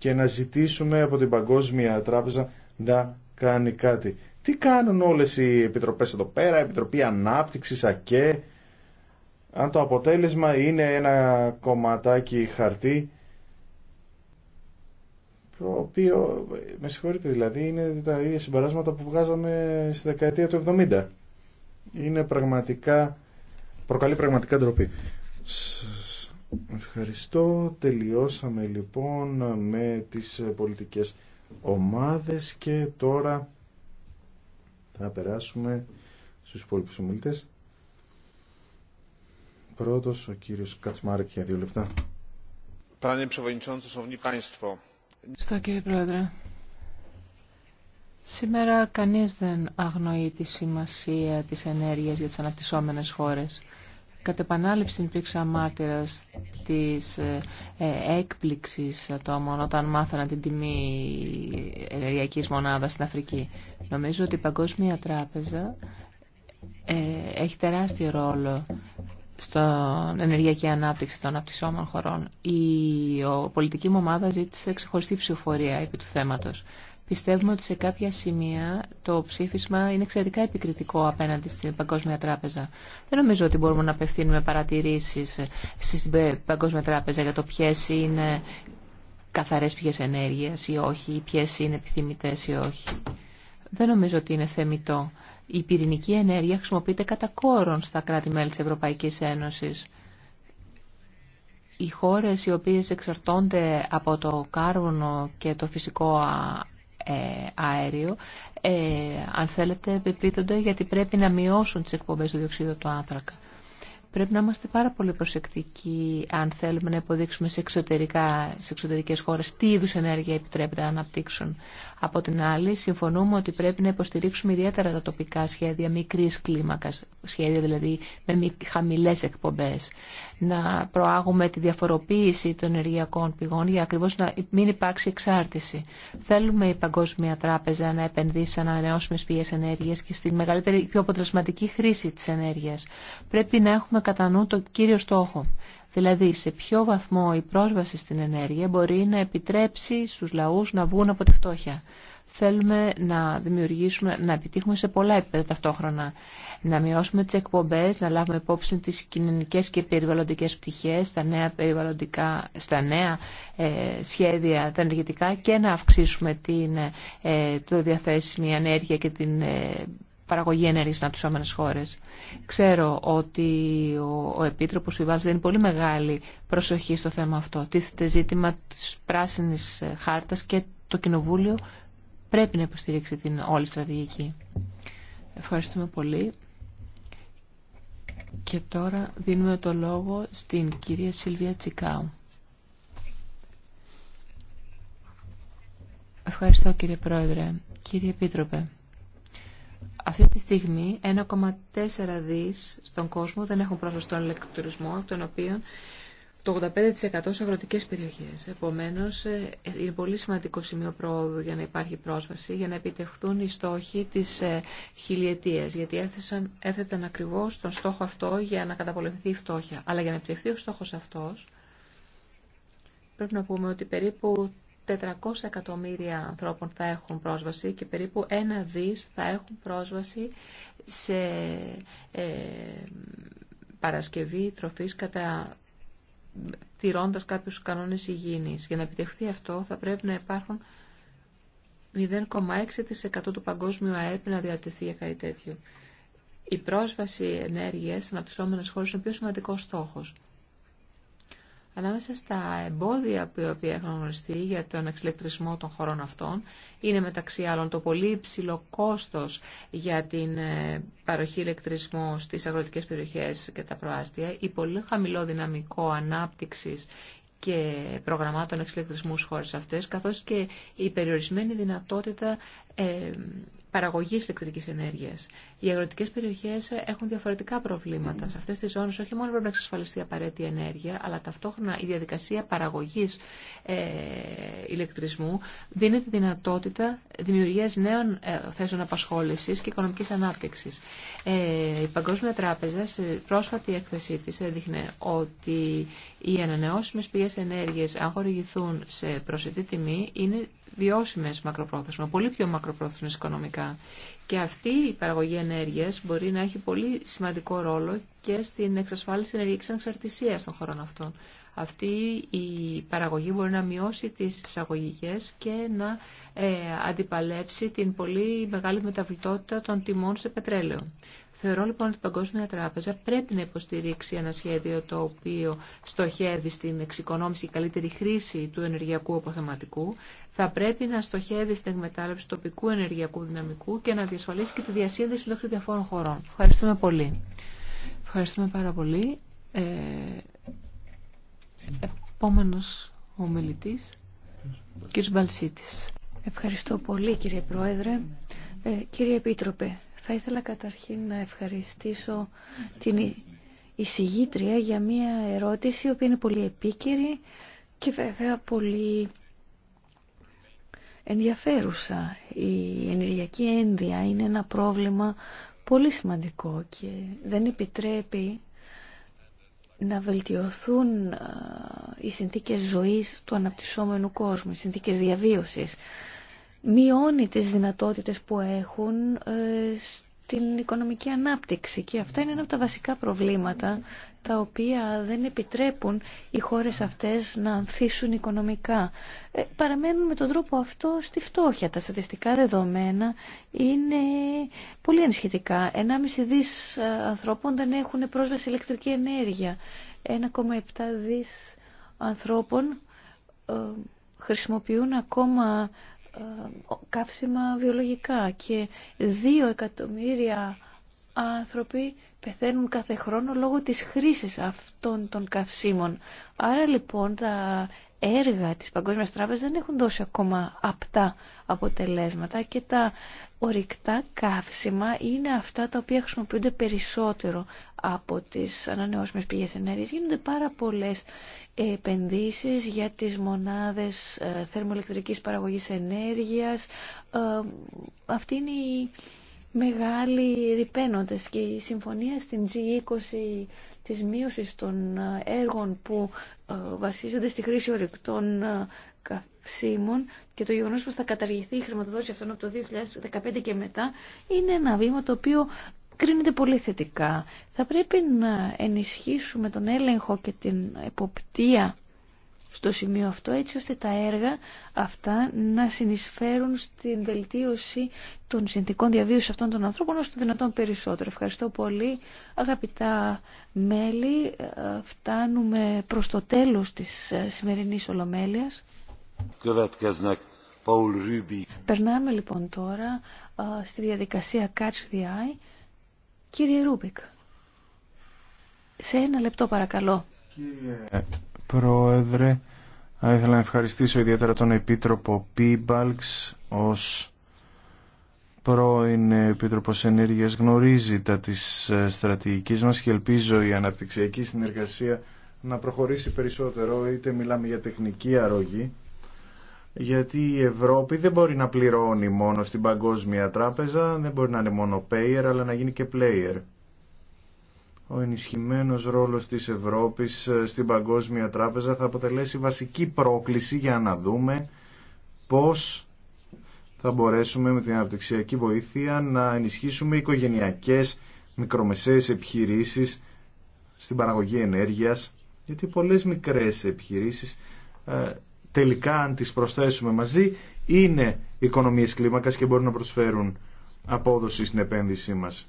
και να ζητήσουμε από την Παγκόσμια Τράπεζα να κάνει κάτι. Τι κάνουν όλες οι επιτροπές εδώ πέρα, Επιτροπή Ανάπτυξης, ΑΚΕ, αν το αποτέλεσμα είναι ένα κομματάκι χαρτί, το οποίο, με συγχωρείτε δηλαδή, είναι τα ίδια συμπεράσματα που βγάζαμε στη δεκαετία του 70. Είναι πραγματικά, προκαλεί πραγματικά ντροπή. Ευχαριστώ. Τελειώσαμε λοιπόν με τις πολιτικές ομάδες και τώρα θα περάσουμε στους υπόλοιπους ομιλητές. Πρώτος ο κύριος Κατσμάρκ για δύο λεπτά. Στα κύριε Πρόεδρε. Σήμερα κανείς δεν αγνοεί τη σημασία της ενέργειας για τις αναπτυσσόμενες χώρες. Κατ' επανάληψη υπήρξα μάρτυρας της ε, ε, έκπληξης ατόμων όταν μάθανα την τιμή ενεργειακής μονάδας στην Αφρική. Νομίζω ότι η Παγκόσμια Τράπεζα ε, έχει τεράστιο ρόλο στον ενεργειακή ανάπτυξη των απτυσσόμενων χωρών. Η ο, πολιτική μου ομάδα ζήτησε ξεχωριστή ψηφοφορία επί του θέματος. Πιστεύουμε ότι σε κάποια σημεία το ψήφισμα είναι εξαιρετικά επικριτικό απέναντι στην Παγκόσμια Τράπεζα. Δεν νομίζω ότι μπορούμε να απευθύνουμε παρατηρήσει στην Παγκόσμια Τράπεζα για το ποιε είναι καθαρέ πηγέ ενέργεια ή όχι, ή ποιε είναι επιθυμητέ ή όχι. Δεν νομίζω ότι είναι θεμητό. Η πυρηνική ενέργεια χρησιμοποιείται κατά κόρον στα κράτη-μέλη τη Ευρωπαϊκή Ένωση. Οι χώρες οι οποίες εξαρτώνται από το κάρβονο και το φυσικό ε, αέριο, ε, αν θέλετε, επιπλήττονται γιατί πρέπει να μειώσουν τις εκπομπές του διοξείδου του άνθρακα. Πρέπει να είμαστε πάρα πολύ προσεκτικοί αν θέλουμε να υποδείξουμε σε, εξωτερικά, σε εξωτερικές χώρες τι είδους ενέργεια επιτρέπεται να αναπτύξουν. Από την άλλη, συμφωνούμε ότι πρέπει να υποστηρίξουμε ιδιαίτερα τα τοπικά σχέδια μικρή κλίμακα, σχέδια δηλαδή με χαμηλέ εκπομπέ. Να προάγουμε τη διαφοροποίηση των ενεργειακών πηγών για ακριβώ να μην υπάρξει εξάρτηση. Θέλουμε η Παγκόσμια Τράπεζα να επενδύσει σε ανανεώσιμε πηγέ ενέργεια και στη μεγαλύτερη, πιο αποτελεσματική χρήση τη ενέργεια. Πρέπει να έχουμε κατά νου το κύριο στόχο Δηλαδή σε ποιο βαθμό η πρόσβαση στην ενέργεια μπορεί να επιτρέψει στους λαούς να βγουν από τη φτώχεια. Θέλουμε να δημιουργήσουμε, να επιτύχουμε σε πολλά επίπεδα ταυτόχρονα. Να μειώσουμε τις εκπομπές, να λάβουμε υπόψη τις κοινωνικές και περιβαλλοντικές πτυχές, τα νέα, περιβαλλοντικά, στα νέα ε, σχέδια, τα ενεργητικά και να αυξήσουμε την, ε, το διαθέσιμη ενέργεια και την ε, παραγωγή ενέργειας να αναπτυσσόμενες χώρες. Ξέρω ότι ο, ο Επίτροπος δεν δίνει πολύ μεγάλη προσοχή στο θέμα αυτό. Τίθεται ζήτημα της πράσινη ε, χάρτας και το Κοινοβούλιο πρέπει να υποστηρίξει την όλη στρατηγική. Ευχαριστούμε πολύ. Και τώρα δίνουμε το λόγο στην κυρία Σίλβια Τσικάου. Ευχαριστώ κύριε Πρόεδρε. Κύριε Επίτροπε αυτή τη στιγμή 1,4 δις στον κόσμο δεν έχουν πρόσβαση στον ηλεκτροτουρισμό, από τον οποίο το 85% σε αγροτικές περιοχές. Επομένως, ε, είναι πολύ σημαντικό σημείο πρόοδου για να υπάρχει πρόσβαση, για να επιτευχθούν οι στόχοι της ε, χιλιετίας, γιατί έθεσαν, έθεταν ακριβώς τον στόχο αυτό για να καταπολεμηθεί η φτώχεια. Αλλά για να επιτευχθεί ο στόχος αυτός, πρέπει να πούμε ότι περίπου 400 εκατομμύρια ανθρώπων θα έχουν πρόσβαση και περίπου ένα δις θα έχουν πρόσβαση σε ε, παρασκευή τροφής κατά τηρώντας κάποιους κανόνες υγιεινής. Για να επιτευχθεί αυτό θα πρέπει να υπάρχουν 0,6% του παγκόσμιου ΑΕΠ να διατεθεί για κάτι τέτοιο. Η πρόσβαση ενέργειας σε αναπτυσσόμενες χώρες είναι ο πιο σημαντικός στόχος. Ανάμεσα στα εμπόδια που οποία έχουν γνωριστεί για τον εξηλεκτρισμό των χωρών αυτών είναι μεταξύ άλλων το πολύ υψηλό κόστος για την ε, παροχή ηλεκτρισμού στις αγροτικές περιοχές και τα προάστια, η πολύ χαμηλό δυναμικό ανάπτυξης και προγραμμάτων εξηλεκτρισμού στις χώρες αυτές, καθώς και η περιορισμένη δυνατότητα ε, παραγωγής ηλεκτρικής ενέργειας. Οι αγροτικές περιοχές έχουν διαφορετικά προβλήματα. Σε αυτές τις ζώνες όχι μόνο πρέπει να εξασφαλιστεί απαραίτητη ενέργεια, αλλά ταυτόχρονα η διαδικασία παραγωγής ε, ηλεκτρισμού δίνει τη δυνατότητα δημιουργίας νέων ε, θέσεων απασχόλησης και οικονομικής ανάπτυξης. Ε, η Παγκόσμια Τράπεζα σε πρόσφατη έκθεσή τη, έδειχνε ότι οι ανανεώσιμε πηγέ ενέργεια αν χορηγηθούν σε προσιτή τιμή είναι βιώσιμες μακροπρόθεσμα, πολύ πιο μακροπρόθεσμες οικονομικά. Και αυτή η παραγωγή ενέργειας μπορεί να έχει πολύ σημαντικό ρόλο και στην εξασφάλιση ενεργειακής ανεξαρτησίας των χωρών αυτών. Αυτή η παραγωγή μπορεί να μειώσει τις εισαγωγικέ και να ε, αντιπαλέψει την πολύ μεγάλη μεταβλητότητα των τιμών σε πετρέλαιο. Θεωρώ λοιπόν ότι η Παγκόσμια Τράπεζα πρέπει να υποστηρίξει ένα σχέδιο το οποίο στοχεύει στην εξοικονόμηση και καλύτερη χρήση του ενεργειακού αποθεματικού, θα πρέπει να στοχεύει στην εκμετάλλευση τοπικού ενεργειακού δυναμικού και να διασφαλίσει και τη διασύνδεση μεταξύ διαφόρων χωρών. Ευχαριστούμε πολύ. Ευχαριστούμε πάρα πολύ. Ε, επόμενος ομιλητής, κ. Μπαλσίτης. Ευχαριστώ πολύ κύριε Πρόεδρε. Ε, κύριε Επίτροπε, θα ήθελα καταρχήν να ευχαριστήσω την εισηγήτρια για μια ερώτηση η οποία είναι πολύ επίκαιρη και βέβαια πολύ ενδιαφέρουσα. Η ενεργειακή ένδυα είναι ένα πρόβλημα πολύ σημαντικό και δεν επιτρέπει να βελτιωθούν οι συνθήκες ζωής του αναπτυσσόμενου κόσμου, οι συνθήκες διαβίωσης. Μειώνει τις δυνατότητες που έχουν ε, την οικονομική ανάπτυξη και αυτά είναι ένα από τα βασικά προβλήματα τα οποία δεν επιτρέπουν οι χώρες αυτές να ανθίσουν οικονομικά. Ε, παραμένουν με τον τρόπο αυτό στη φτώχεια. Τα στατιστικά δεδομένα είναι πολύ ανισχυτικά. 1,5 δις ε, ανθρώπων δεν έχουν πρόσβαση ηλεκτρική ενέργεια. 1,7 δις ανθρώπων ε, χρησιμοποιούν ακόμα ε, καύσιμα βιολογικά και δύο εκατομμύρια άνθρωποι πεθαίνουν κάθε χρόνο λόγω της χρήσης αυτών των καυσίμων. Άρα λοιπόν τα έργα της Παγκόσμιας Τράπεζας δεν έχουν δώσει ακόμα απτά αποτελέσματα και τα ορυκτά καύσιμα είναι αυτά τα οποία χρησιμοποιούνται περισσότερο από τις ανανεώσιμες πηγές ενέργειας. Γίνονται πάρα πολλές επενδύσεις για τις μονάδες ε, θερμοελεκτρικής παραγωγής ενέργειας. Ε, Αυτή είναι η μεγάλη ρηπαίνοντες και η συμφωνία στην G20 της μείωσης των ε, έργων που ε, βασίζονται στη χρήση ορεικτών ε, καυσίμων και το γεγονός πως θα καταργηθεί η χρηματοδότηση αυτών από το 2015 και μετά είναι ένα βήμα το οποίο κρίνεται πολύ θετικά. Θα πρέπει να ενισχύσουμε τον έλεγχο και την εποπτεία στο σημείο αυτό έτσι ώστε τα έργα αυτά να συνεισφέρουν στην βελτίωση των συνθηκών διαβίωσης αυτών των ανθρώπων όσο το δυνατόν περισσότερο. Ευχαριστώ πολύ αγαπητά μέλη. Ε, φτάνουμε προς το τέλος της ε, σημερινής Ολομέλειας. Περνάμε λοιπόν τώρα ε, στη διαδικασία Catch the Eye. Κύριε Ρούμπικ, σε ένα λεπτό παρακαλώ. Πρόεδρε. Θα ήθελα να ευχαριστήσω ιδιαίτερα τον Επίτροπο Πίμπαλξ ως πρώην Επίτροπος Ενέργειας γνωρίζει τα της ε, στρατηγικής μας και ελπίζω η αναπτυξιακή συνεργασία να προχωρήσει περισσότερο είτε μιλάμε για τεχνική αρρωγή γιατί η Ευρώπη δεν μπορεί να πληρώνει μόνο στην Παγκόσμια Τράπεζα, δεν μπορεί να είναι μόνο payer αλλά να γίνει και player ο ενισχυμένος ρόλος της Ευρώπης ε, στην Παγκόσμια Τράπεζα θα αποτελέσει βασική πρόκληση για να δούμε πώς θα μπορέσουμε με την αναπτυξιακή βοήθεια να ενισχύσουμε οικογενειακές μικρομεσαίες επιχειρήσεις στην παραγωγή ενέργειας, γιατί πολλές μικρές επιχειρήσεις ε, τελικά αν τις προσθέσουμε μαζί είναι οικονομίες κλίμακας και μπορούν να προσφέρουν απόδοση στην επένδυσή μας.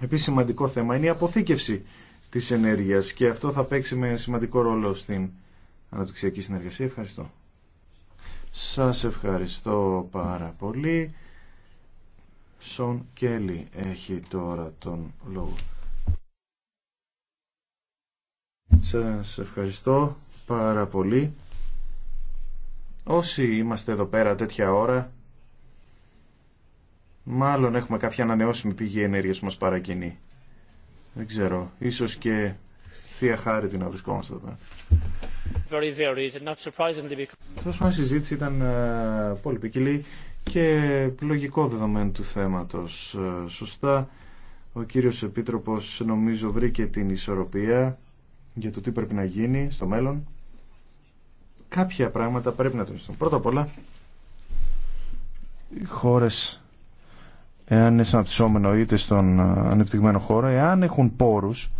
Επίσης σημαντικό θέμα είναι η αποθήκευση της ενέργειας και αυτό θα παίξει με σημαντικό ρόλο στην αναπτυξιακή συνεργασία. Ευχαριστώ. Σας ευχαριστώ πάρα πολύ. Σον Κέλλη έχει τώρα τον λόγο. Σας ευχαριστώ πάρα πολύ. Όσοι είμαστε εδώ πέρα τέτοια ώρα, Μάλλον έχουμε κάποια ανανεώσιμη πηγή ενέργειας που μας παρακινεί. Δεν ξέρω. Ίσως και θεία χάρη την να βρισκόμαστε εδώ. surprisingly because... η συζήτηση ήταν ε, πολύ ποικιλή και λογικό δεδομένο του θέματος. Ε, σωστά, ο κύριος Επίτροπος νομίζω βρήκε την ισορροπία για το τι πρέπει να γίνει στο μέλλον. Κάποια πράγματα πρέπει να τονιστούν. Πρώτα απ' όλα, οι χώρες εάν είναι στον αναπτυσσόμενο είτε στον ε, ανεπτυγμένο χώρο, εάν έχουν πόρους,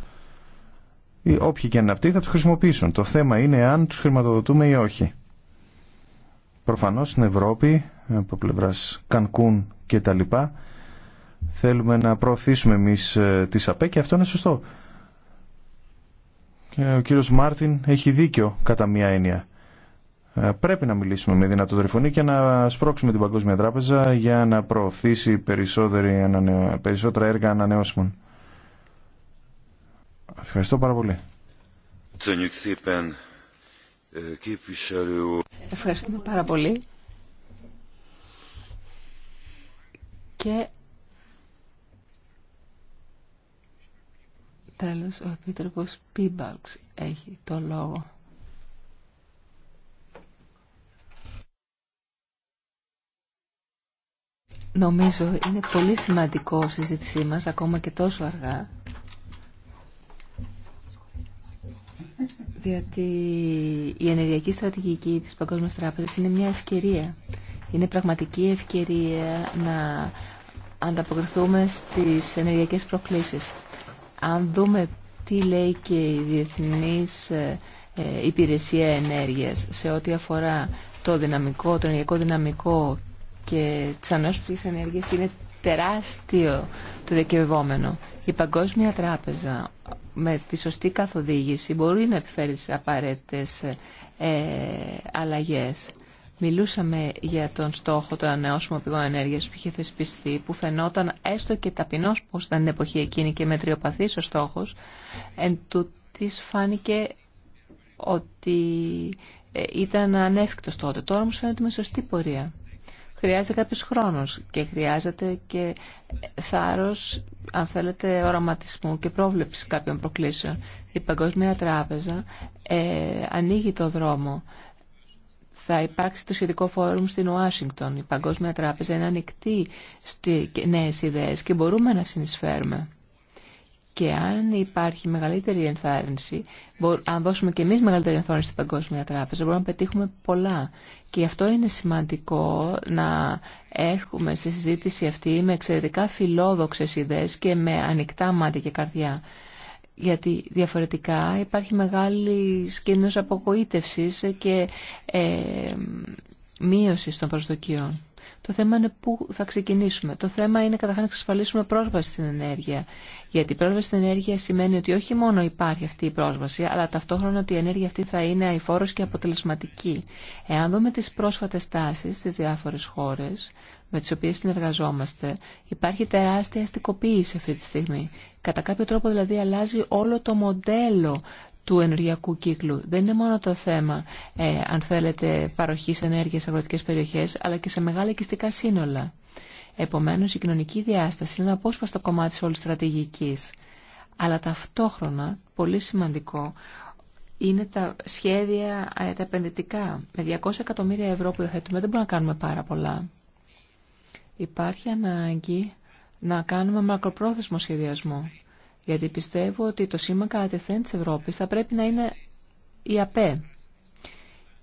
οι όποιοι και αν αυτοί θα τους χρησιμοποιήσουν. Το θέμα είναι εάν τους χρηματοδοτούμε ή όχι. Προφανώς στην Ευρώπη, από πλευράς Κανκούν και τα λοιπά, θέλουμε να προωθήσουμε εμείς ε, τις ΑΠΕ και αυτό είναι σωστό. Και ο κύριος Μάρτιν έχει δίκιο κατά μία έννοια. Ε, πρέπει να μιλήσουμε με δυνατό τρυφωνή και να σπρώξουμε την Παγκόσμια Τράπεζα για να προωθήσει περισσότερα έργα ανανεώσιμων. Ευχαριστώ πάρα πολύ. Ε, Ευχαριστούμε πάρα πολύ. Και τέλος ο Επίτροπος Πίμπαλξ έχει το λόγο. Νομίζω είναι πολύ σημαντικό η συζήτησή μας, ακόμα και τόσο αργά, διότι η ενεργειακή στρατηγική της Παγκόσμιας Τράπεζας είναι μια ευκαιρία. Είναι πραγματική ευκαιρία να ανταποκριθούμε στις ενεργειακές προκλήσεις. Αν δούμε τι λέει και η Διεθνής ε, ε, Υπηρεσία Ενέργειας σε ό,τι αφορά το δυναμικό, το ενεργειακό δυναμικό και της ανώσπλης ενέργεια είναι τεράστιο το δικαιωμένο. Η Παγκόσμια Τράπεζα με τη σωστή καθοδήγηση μπορεί να επιφέρει τις απαραίτητες ε, αλλαγές. Μιλούσαμε για τον στόχο των ανεώσιμων πηγών ενέργεια που είχε θεσπιστεί, που φαινόταν έστω και ταπεινό πω ήταν την εποχή εκείνη και μετριοπαθή ο στόχο. Εν τούτη φάνηκε ότι ε, ήταν ανέφικτο τότε. Τώρα όμω φαίνεται με σωστή πορεία χρειάζεται κάποιος χρόνος και χρειάζεται και θάρρος, αν θέλετε, οραματισμού και πρόβλεψη κάποιων προκλήσεων. Η Παγκοσμία Τράπεζα ε, ανοίγει το δρόμο. Θα υπάρξει το σχετικό φόρουμ στην Ουάσιγκτον. Η Παγκόσμια Τράπεζα είναι ανοιχτή στις νέες ιδέες και μπορούμε να συνεισφέρουμε. Και αν υπάρχει μεγαλύτερη ενθάρρυνση, αν δώσουμε και εμείς μεγαλύτερη ενθάρρυνση στην Παγκόσμια Τράπεζα, μπορούμε να πετύχουμε πολλά. Και γι' αυτό είναι σημαντικό να έρχομαι στη συζήτηση αυτή με εξαιρετικά φιλόδοξες ιδέες και με ανοιχτά μάτια και καρδιά. Γιατί διαφορετικά υπάρχει μεγάλη κίνδυνος απογοήτευσης και ε, μείωση των προσδοκιών. Το θέμα είναι πού θα ξεκινήσουμε. Το θέμα είναι καταρχά να εξασφαλίσουμε πρόσβαση στην ενέργεια. Γιατί η πρόσβαση στην ενέργεια σημαίνει ότι όχι μόνο υπάρχει αυτή η πρόσβαση, αλλά ταυτόχρονα ότι η ενέργεια αυτή θα είναι αηφόρο και αποτελεσματική. Εάν δούμε τι πρόσφατε τάσει στι διάφορε χώρε με τι οποίε συνεργαζόμαστε, υπάρχει τεράστια αστικοποίηση αυτή τη στιγμή. Κατά κάποιο τρόπο δηλαδή αλλάζει όλο το μοντέλο του ενεργειακού κύκλου. Δεν είναι μόνο το θέμα, ε, αν θέλετε, παροχής ενέργειας σε αγροτικές περιοχές, αλλά και σε μεγάλα οικιστικά σύνολα. Επομένως, η κοινωνική διάσταση είναι ένα απόσπαστο κομμάτι της όλης στρατηγικής. Αλλά ταυτόχρονα, πολύ σημαντικό, είναι τα σχέδια ε, τα επενδυτικά. Με 200 εκατομμύρια ευρώ που διαθέτουμε δεν μπορούμε να κάνουμε πάρα πολλά. Υπάρχει ανάγκη να κάνουμε μακροπρόθεσμο σχεδιασμό. Γιατί πιστεύω ότι το σήμα κατευθέν της Ευρώπης θα πρέπει να είναι η ΑΠΕ.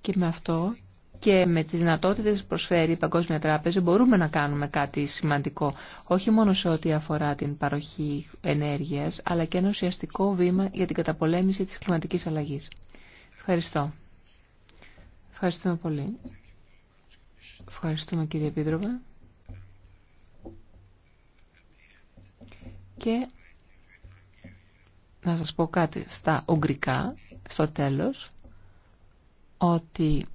Και με αυτό και με τις δυνατότητες που προσφέρει η Παγκόσμια Τράπεζα μπορούμε να κάνουμε κάτι σημαντικό, όχι μόνο σε ό,τι αφορά την παροχή ενέργειας, αλλά και ένα ουσιαστικό βήμα για την καταπολέμηση της κλιματικής αλλαγής. Ευχαριστώ. Ευχαριστούμε πολύ. Ευχαριστούμε κύριε Επίτροπε να σας πω κάτι στα ουγγρικά, στο τέλος, ότι